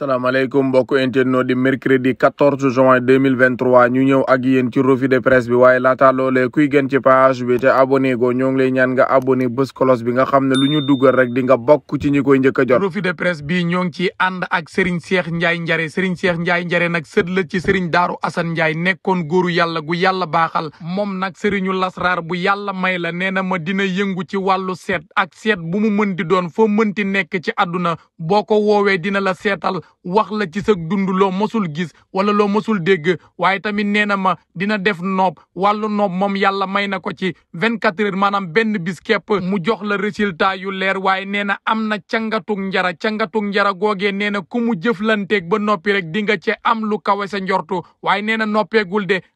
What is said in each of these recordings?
salaamaaleykum mbokk internet di mercredi 14 juin 2023 ñu ñëw ak yéen ci revue de presse bi waaye laata loolee kuy gën ci page bi te abonné go ñoo ngi lay ñaan nga abonné bés kolos bi nga xam ne lu ñu dugal rek di nga bokk ci ñi ko njëkk a jot revue de presse bi ñoo ngi ci ànd ak Serigne Cheikh Ndiaye Njare seriñ Cheikh Ndiaye Njare nag sët la ci Serigne Daaru Assane Ndiaye nekkoon góoru yàlla gu yàlla baaxal moom nag Serigne Lasrar bu yàlla may la nee na ma dina yëngu ci wàllu seet ak seet bu mu mën di doon foo mënti nekk ci àdduna boo ko woowee dina la seetal wax la ci sa dund loo mosul gis wala loo mosul dégg waaye tamit nee na ma dina def noob wàllu noob moom yàlla may na ko ci vingt quatre heures maanaam benn bis képp mu jox la résultat yu leer waaye nee na am na cangatug njara cangatug njara googee nee na ku mu jëflanteeg ba noppi rek di nga ci am lu kawe sa njortu waaye nee na noppeegul de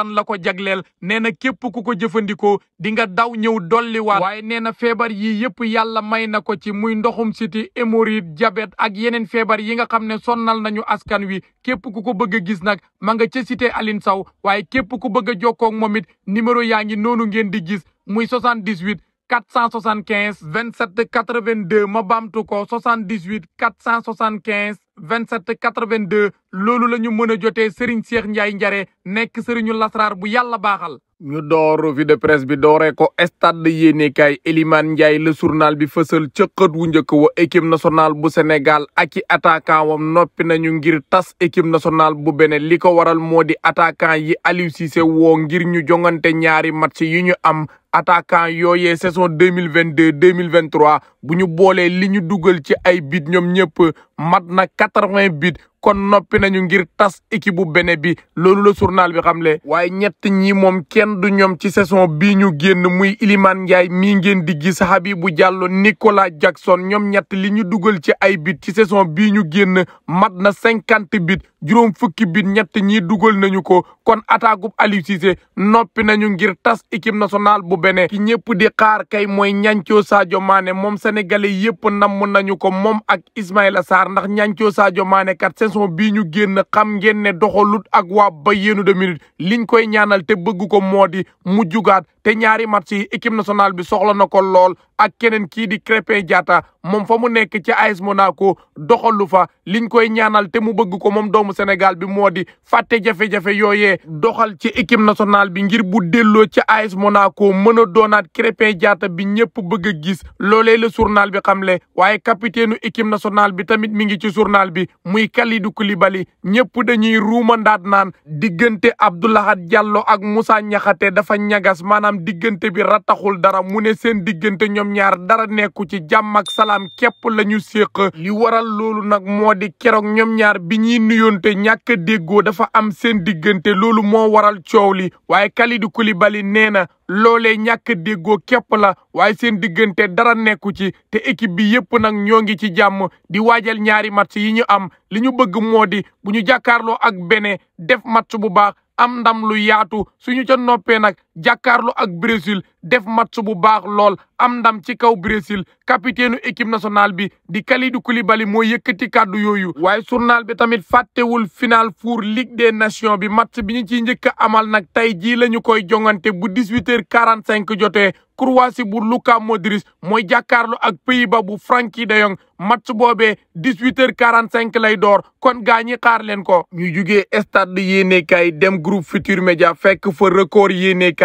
kattan la ko jagleel nee na képp ku ko jëfandikoo di nga daw ñëw dolliwaat waaye nee na feebar yi yëpp yàlla may na ko ci muy ndoxum siti hémorroïde diabète ak yeneen feebar yi nga xam ne sonnal nañu askan wi képp ku ko bëgg a gis nag ma nga ca cité Aline Sow waaye képp ku bëgg a jokkoo moom it numéro yaa ngi noonu ngeen di gis muy 78 475 27 82 ma baamtu ko 78 475 27 82 loolu la ñu mën a jotee Serigne Cheikh Ndiaye Njare nekk Serigne Lasrar bu yàlla baaxal. ñu door revue de presse bi dooree ko stade yéenekaay Elimane Ndiaye le journal bi fësal ca xët wu njëkk wo équipe nationale bu Sénégal ak i attaquant wam noppi nañu ngir tas équipe national bu bene li ko waral moo di attaquant yi Aliou Cissé woo ngir ñu jongante ñaari match yi ñu am attaquant yooyee saison deux mille vingt deux deux mille vingt trois bu ñu boolee li ñu dugal ci ay bit ñoom ñëpp mat na quatre vingt bit kon noppi nañu ngir tas équipe bu bene bi loolu la journal bi xamle waaye ñett ñi moom kenn du ñoom ci saison bii ñu génn muy Iliman Ndiaye mii ngeen di gis Habibou Diallo Nicolas Jackson ñoom ñett li ñu dugal ci ay bit ci saison bii ñu génn mat na cinquante bit juróom fukki bit ñett ñi dugal nañu ko kon attaque bu Aliou noppi nañu ngir tas équipe nationale bu bene ki ñëpp di xaar kay mooy ñancoo Sadio maane moom sénégalais yëpp namm nañu ko moom ak Ismaïla Sarr ndax ñancoo Sadio Mané saison bii ñu génn xam ngeen ne doxalut ak waa Bayern de Munich liñ koy ñaanal te bëgg ko moo di mu jugaat te ñaari match yi équipe nationale bi soxla na ko lool ak keneen kii di Krépin Diatta moom fa mu nekk ci AS Monaco doxalu fa liñ koy ñaanal te mu bëgg ko moom doomu Sénégal bi moo di fàtte jafe-jafe yooyee doxal ci équipe nationale bi ngir bu delloo ci AS Monaco mën a doonaat Krépin jaata bi ñëpp bëgg a gis loolee la journal bi xamle waaye capitaine équipe nationale bi tamit mi ngi ci journal bi muy Kalidou Koulibaly ñëpp dañuy ndaat naan diggante Abdoulaye Diallo ak Moussa Niakhaté dafa ñagas maanaam diggante bi rataxul dara mu ne seen diggante ñoom ñaar dara nekku ci jàmm ak salaam képp lañu séq li waral loolu nag moo di keroog ñoom ñaar bi ñuy nuyoonte ñàkk déggoo dafa am seen diggante loolu moo waral coow li waaye Kalidou bali nee na loole ñàkk déggoo képp la waaye seen diggante dara nekku ci te équipe bi yépp nag ñoo ngi ci jàmm di waajal ñaari match yi ñu am li ñu bëgg moo di bu ñu jàkkaarloo ak Bénin def match bu baax am ndam lu yaatu suñu ca noppee nag jàkkaarloo ak Brésil def match bu baax lool am ndam ci kaw Brésil capitaine équipe nationale bi di Kalidou Koulibaly mooy yëkkati kàddu yooyu. waaye journal bi tamit fàttewul final fur Ligue des Nations bi match bi ñu ciy njëkk amal nag tey jii la ñu koy jongante bu 18h45 jotee. Croatie bu Luka Modric mooy jàkkaarloo ak Pays-Bas bu Frenkie de Jong match boobee 18 h cinq lay door kon gaa ñi xaar leen ko. ñu jugee stade yéenekaay dem groupe Futurs Médias fekk fa record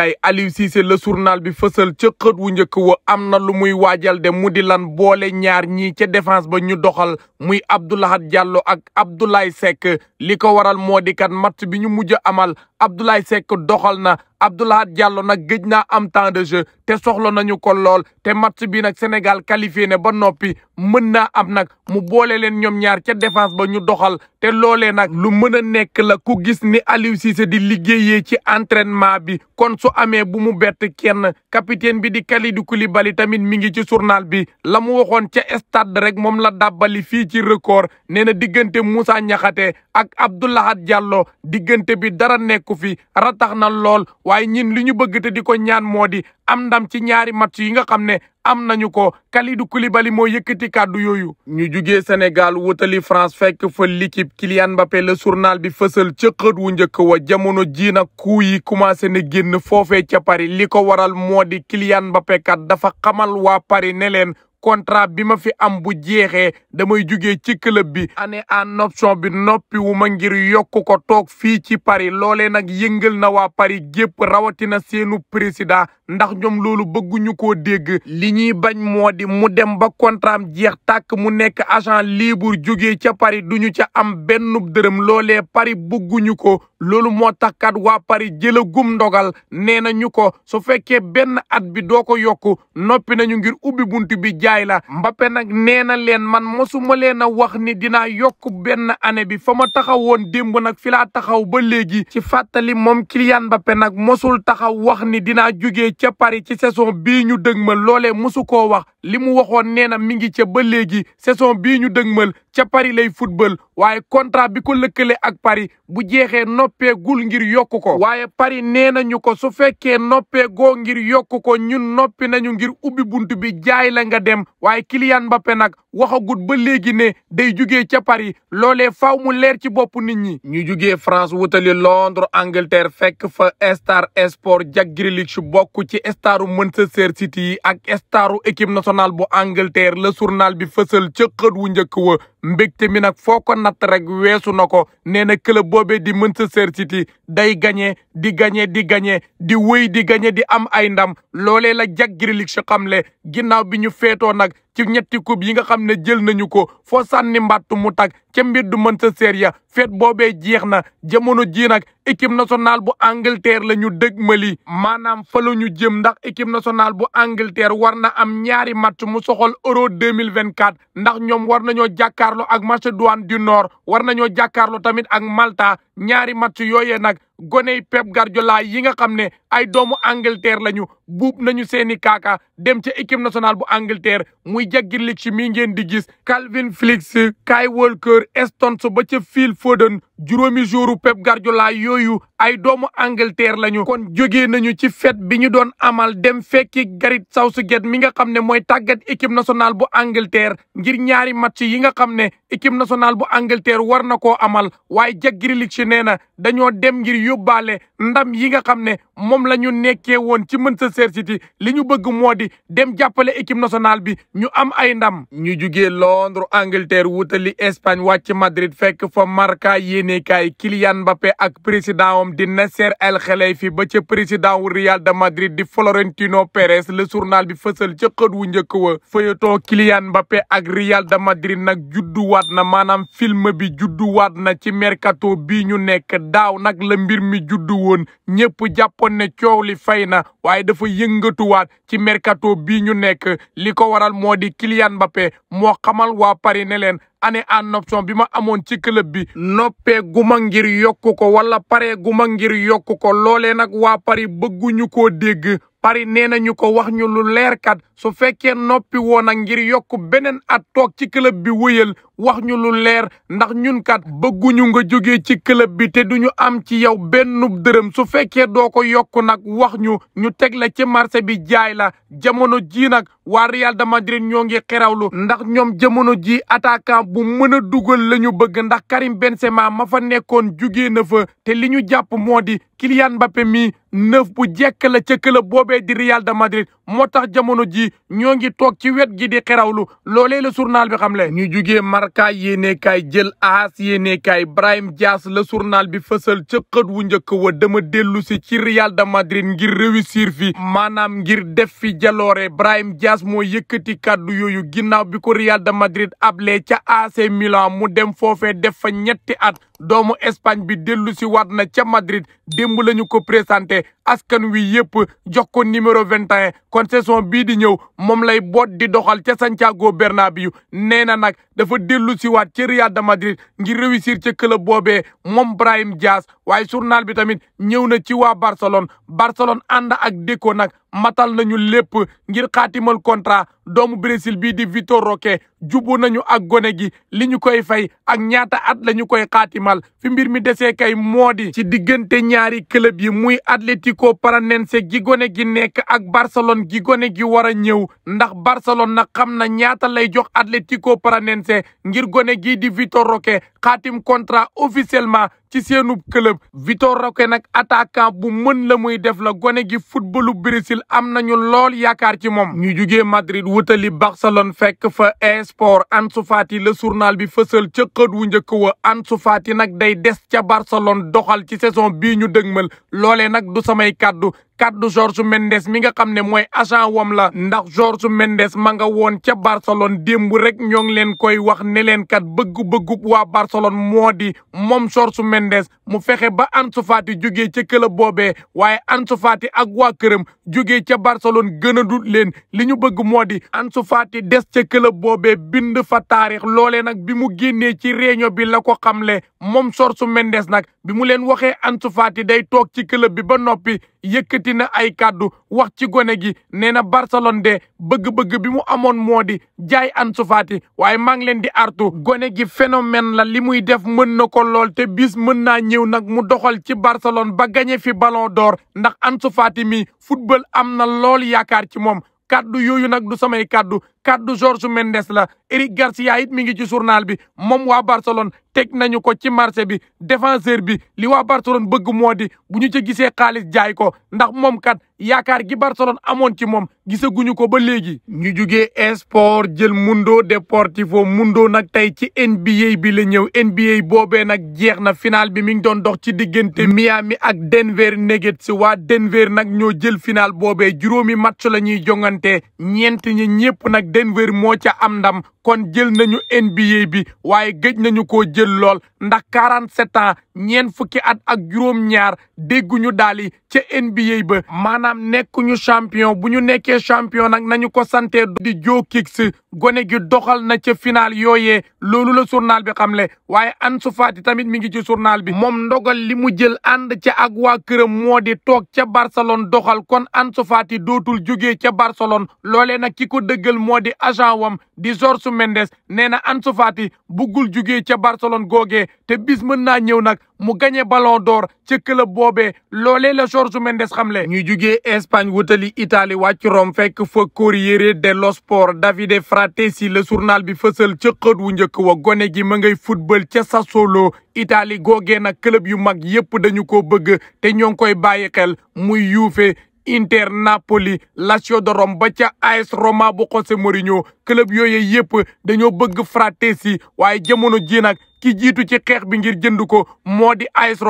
Ndiaye Aliou Cissé le journal bi fësal ca xët wu njëkk wa am na lu muy waajal de mu di lan boole ñaar ñii ca défense ba ñu doxal muy Abdoulahat Diallo ak Abdoulaye sekk li ko waral moo di kat match bi ñu mujj amal Abdoulaye sekk doxal na Abdou Lahad Diallo nag gëj naa am temps de jeu te soxla nañu ko lool te match bi nag Sénégal qualifié ne ba noppi mën naa am nag mu boole leen ñoom ñaar ca défense ba ñu doxal te loolee nag lu mën a nekk la ku gis ni Aliou Cissé di liggéeye ci entrainement bi kon su amee bu mu bett kenn capitaine bi di Kalidou Koulibaly tamit mi ngi ci surnal bi la mu waxoon ca stade rek moom la dàbbali fii ci record nee na diggante Moussa ñaxate ak Abdou Lahad Diallo diggante bi dara nekku fi ratax na lool waaye ñin li ñu bëgg te di ko ñaan moo di am ndam ci ñaari match yi nga xam ne am nañu ko Kalidou Koulibaly moo yëkkati kàddu yooyu. ñu jugee Sénégal wutali France fekk fa l'équipe Kylian Mbappé le journal bi fësal ca wu njëkk wa jamono jii nag ku yi commencé ne génn foofee ca Paris li ko waral moo di Kylian Mbappé kat dafa xamal waa pari ne leen contrat bi ma fi am bu jeexee damay jugee ci club bi année en option bi noppi ma ngir yokk ko toog fii ci Paris loole nag yëngal na waa Paris gépp rawatina seenu président ndax ñoom loolu bëgguñu ko dégg li ñuy bañ moo di mu dem ba contrat am jeex takk mu nekk agent libre jugee ca Paris duñu ca am benn dërëm loole Paris bëgguñu ko loolu moo tax waa pari jëlagum ndogal nee na ñu ko su fekkee benn at bi doo ko yokk noppi nañu ngir ubbi buntu bi jaay la Mbappé nag nee na leen man mosuma leen a wax ni dinaa yokk benn année bi fa ma taxawoon démb nag filaa taxaw ba léegi ci fàttali moom Kylian Mbappé nag mosul taxaw wax ni dinaa jógee ca pari ci saison bii ñu dëgmal loole mosu ko wax li mu waxoon nee na mi ngi ca ba léegi saison bii ñu dëgmal ca pari lay football waaye contrat bi ko lëkkale ak Paris bu jeexee noppi noppeegul ngir yokku ko waaye Paris nee nañu ko su fekkee noppeegoo ngir yokku ko ñun noppi nañu ngir ubbi bunt bi jaay la nga dem waaye Kylian Mbappé nag waxagut ba léegi ne day jugee ca Paris loole faw mu leer ci bopp nit ñi ñu jugee France wutali Londres Angleterre fekk fa star sport Jack Grealish bokk ci staru Manchester City yi ak staru équipe nationale bu Angleterre la journal bi fësal ca xët wu njëkk wa mbégte mi nag foo ko natt rek weesu na ko nee na club boobe di mënta Manchester City day gagné di gagné di gagné di wéy di gagné di am ay ndam loolee la Jack xam xamle ginnaaw bi ñu feetoo nag ci ñetti coupe yi nga xam ne jël nañu ko foo sànni mbàtt mu tag ca mbir du Manchester ya feet boobee jeex na jamono ji nag équipe nationale bu Angleterre la ñu dëgmali maanaam fa ñu jëm ndax équipe nationale bu Angleterre war na am ñaari match mu soxol euro 2024 ndax ñoom war nañoo jàkkaarloo ak Macédoine du Nord war nañoo jàkkaarloo tamit ak Malta ñaari match yooyee nag goney Pep Guardiola yi nga xam ne ay doomu Angleterre lañu buub nañu seeni kaaka dem ca équipe nationale bu Angleterre muy jaggir lig ci mi ngeen di gis Calvin Phillips Kyle Walker Stones ba ca Phil Foden juróomi jouru Pep Guardiola yooyu ay doomu Angleterre lañu kon jógee nañu ci fête bi ñu doon amal dem fekki Gareth Southgate mi nga xam ne mooy tàggat équipe nationale bu Angleterre ngir ñaari match yi nga xam ne équipe nationale bu Angleterre war na koo amal waaye jaggir ci nee na dañoo dem ngir yóbbaale ndam yi nga xam ne moom la ñu nekkee woon ci Manchester City li ñu bëgg moo di bi dem jàppale équipe nationale bi ñu am ay ndam ñu jugee Londres Angleterre wutali Espagne wàcc Madrid fekk fa Marca yéenekaay Kylian Mbappé ak président am di Nasser El Khelaifi ba ca président wu Real de Madrid di Florentino Perez le journal bi fësal ca xët wu njëkk wa feuilleton Kylian Mbappé ak Real de Madrid nag judduwaat na maanaam film bi judduwaat na ci merkato bii ñu nekk daaw nag la mbir mi juddu woon ñëpp jàppoon coow li fay na waaye dafa yëngatuwaat ci mercato bii ñu nekk li ko waral moo di kiliyaan Mbappé moo xamal waa pari ne leen année en option bi ma amoon ci club bi noppee guma ngir yokku ko wala paree guma ngir yokku ko loole nag waa Paris bëgguñu ko dégg Paris nee nañu ko wax ñu lu leerkat su fekkee noppi woon a ngir yokk beneen at toog ci club bi wëyal wax ñu lu leer ndax ñun kat bëgguñu nga jóge ci club bi te du ñu am ci yow benn dërëm su fekkee doo ko yokk nag wax ñu ñu teg la ci marché bi jaay la jamono ji nag waa Real de Madrid ñoo ngi xerawlu ndax ñoom jamono ji attaquant bu mën a dugal la ñu bëgg ndax Karim Benzema ma fa nekkoon jugee na fa te li ñu jàpp moo di Kylian mbappe mii neuf bu jekk la ca club boobee di Real de Madrid moo tax jamono ji ñoo ngi toog ci wet gi di xerawlu loole la journal bi xamle ñu jugee Marca yéene jël aas yéene kaay Brahim Diaz la journal bi fësal ca xët njëkk wa dama dellu si ci Real de Madrid ngir réussir fi maanaam ngir def fi jaloore Brahim Diaz moo yëkkati kàddu yooyu ginnaaw bi ko Real de Madrid able ca AC Milan mu dem foofe def fa ñetti at doomu Espagne bi dellu si waat na ca Madrid démb la ko présenté askan wi yëpp jox ko numéro 21 kon saison bii di ñëw moom lay boot di doxal ca Santiago Bernabéu nee na nag dafa dellu siwaat ci Real de Madrid ngir réussir ca club boobee moom Brahim Diaz waaye journal bi tamit ñëw na ci waa Barcelone Barcelone ànd ak déko nag matal nañu lépp ngir xaatimal contrat doomu Brésil bii di Vitor Roque jubbu nañu ak gone gi li ñu koy fay ak ñaata at la ñu koy xaatimal fi mbir mi desee kay moo di ci diggante ñaari club yi muy Atlético Paranense gi gone gi nekk ak Barcelone gi gone gi war a ñëw ndax Barcelone nag xam na ñaata lay jox Atlético Paranense ngir gone gii di Vitor Roque xaatim contrat officiellement ci seenub club Vitor Roque nag attaquant bu mën la muy def la gone gi footballu Brésil am nañu lool yaakaar ci moom ñu jugee Madrid wutali Barcelone fekk fa esport Ansu Fati la journal bi fësal ca xët wu njëkk wa Ansu Fati nag day des ca Barcelone doxal ci saison bii ñu dëgmal loole nag du samay kàddu kàddu George Mendes mi nga xam ne mooy agent wam la ndax George Mendes ma nga woon ca Barcelone démb rek ñoo ngi leen koy wax ne leen kat bëggu-bëggu waa Barcelone moo di moom George Mendes mu fexe ba Ansu Fati ca club boobee waaye Ansu ak waa këram jóge ca Barcelone gën a leen li ñu bëgg moo di Ansu Fati des ca club boobe bind fa taarix loolee nag bi mu génnee ci réunion bi la ko xam le moom George Mendes nag bi mu leen waxee Ansu Fati day toog ci club bi ba noppi yëkkati na ay kàddu wax ci gone gi nee na Barcelone de bëgg-bëgg bi mu amoon moo di jaay Ansu Fati waaye maa ngi leen di artu gone gi phénomène la li muy def mën na ko lool te bis mën naa ñëw nag mu doxal ci Barcelone ba gagné fi Ballon d'Or ndax Ansu Fati mi football am na lool yaakaar ci moom kàddu yooyu nag du samay kaddu kaddu Jorge Mendes la Eric Garcia it mi ngi ci journal bi moom waa Barcelone teg nañu ko ci marché bi défenseur bi li wa Barcelone bëgg moo di bu ñu ca gisee xaalis jaay ko ndax moom kat yaakaar gi Barcelone amoon ci moom gisaguñu ko ba léegi. ñu jugee esport jël Mundo Deportivo Mundo nag tey ci NBA bi la ñëw NBA boobee nag jeex na final bi mi ngi doon dox ci diggante Miami ak Denver si waa Denver nag ñoo jël final boobe juróomi match la ñuy jongante ñeent ñi ñëpp nag Denver moo ca am ndam. kon jël nañu NBA bi waaye gëj nañu ko jël lool ndax 47 ans ñeent fukki at ak juróom-ñaar dégguñu daal di ca NBA ba maanaam nekkuñu champion bu ñu nekkee champion nag nañu ko sante di Joe Kicks gone gi doxal na ca final yooyee loolu la journal bi xam xamle waaye Ansu Fati tamit mi ngi ci journal bi moom ndogal li mu jël ànd ca ak waa këram moo di toog ca Barcelone doxal kon Ansu Fati dootul jógee ca Barcelone loole nag ki ko dëggal moo di agent wam di Jorge Mendes nee na Ansu Fati buggul jógee ca Barcelone googe te bis mën naa ñëw nag mu gagné ballon door ca club boobee loolee la Jorge xam xamle. ñuy jugee Espagne wutali itali wàcc Rome fekk fa Corriere dello Sport Davide Fratesi le journal bi fësal ca xët wu njëkk wa gone gi ma ngay football ca Sassuolo itali googee nag club yu mag yépp dañu ko bëgg te ñoo ngi koy bàyyi xel muy Juve Inter Napoli Lazio de Rome ba ca AS Roma bu José Mourinho club yooyu yëpp dañoo bëgg fraté si waaye jamono ji nag ki jiitu ci xeex bi ngir jënd ko moo di AS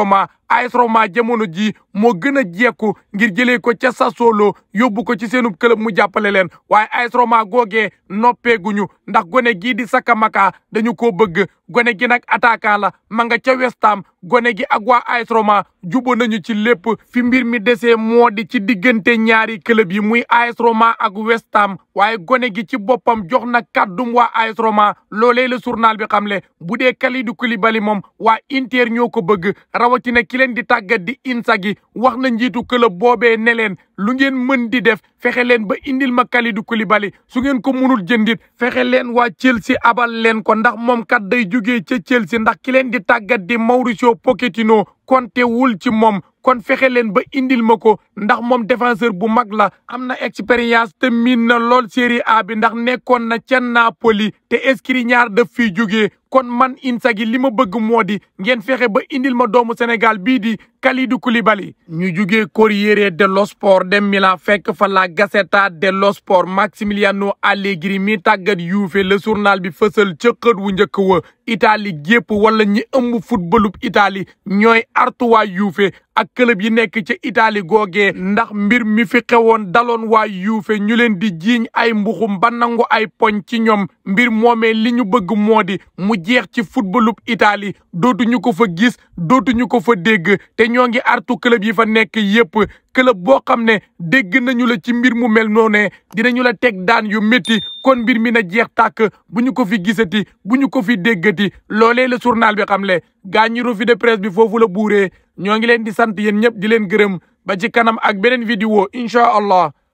Roma jamono ji moo gën a jekku ngir jëlee ko ca Sassuolo yóbbu ko ci seenub club mu jàppale leen waaye AS Roma googee noppeeguñu ndax gone gii di Sakamakha dañu ko bëgg gone gi nag attaquant la ma nga ca West gone gi ak waa AS Roma nañu ci lépp fi mbir mi desee moo di ci diggante ñaari club yi muy AS Roma ak West Ham waaye gone gi ci boppam jox na kàddum waa AS Roma loolee la journal bi xamle bu dee Kalidou Koulibaly moom waa Inter ñoo ko bëgg rawatina ki leen di tàggat di Inzaghi wax na njiitu club boobee ne leen lu ngeen mën di def fexe leen ba indil ma Kalidou Koulibaly su ngeen ko munul jëndit fexe leen waa Chelsea abal leen ko ndax moom kat day jugee ca Chelsea ndax ki leen di tàggat di Mauricio Pochettino konte wul ci moom kon fexe leen ba indil ma ko ndax moom défenseur bu mag la am na expérience te miin na lool Serie A bi ndax nekkoon na cen ca Napoli te Skriniar daf fiy jógee kon man Inzaghi li ma bëgg moo di ngeen fexe ba indil ma doomu Sénégal bii di Kalidou Koulibaly ñu jugee Corriere dello Sport dem Milan fekk fa la Gazzetta dello Sport Maximiliano Allegri mi tàggat yuufe le journal bi fësal ca xët wu njëkk wa itali gépp wala ñi ëmb footballub itali ñooy artu waa Juve ak club yi nekk ca itali googe ndax mbir mi fi xewoon daloon waa Juve ñu leen di jiiñ ay mbuxum ba nangu ay poñ ci ñoom mbir moome li ñu bëgg moo di mu jeex ci footballub Italie dootuñu ko fa gis dootuñu ko fa dégg te ñoo ngi artu club yi fa nekk yëpp club boo xam ne dégg nañu la ci mbir mu mel noonee dinañu la teg daan yu métti kon mbir mi na jeex tàkk bu ñu ko fi gisati bu ñu ko fi déggati loole la journal bi xam le gaañu revue de presse bi foofu la buuree ñoo ngi leen di sant yéen ñëpp di leen gërëm ba ci kanam ak beneen vidéo incha allah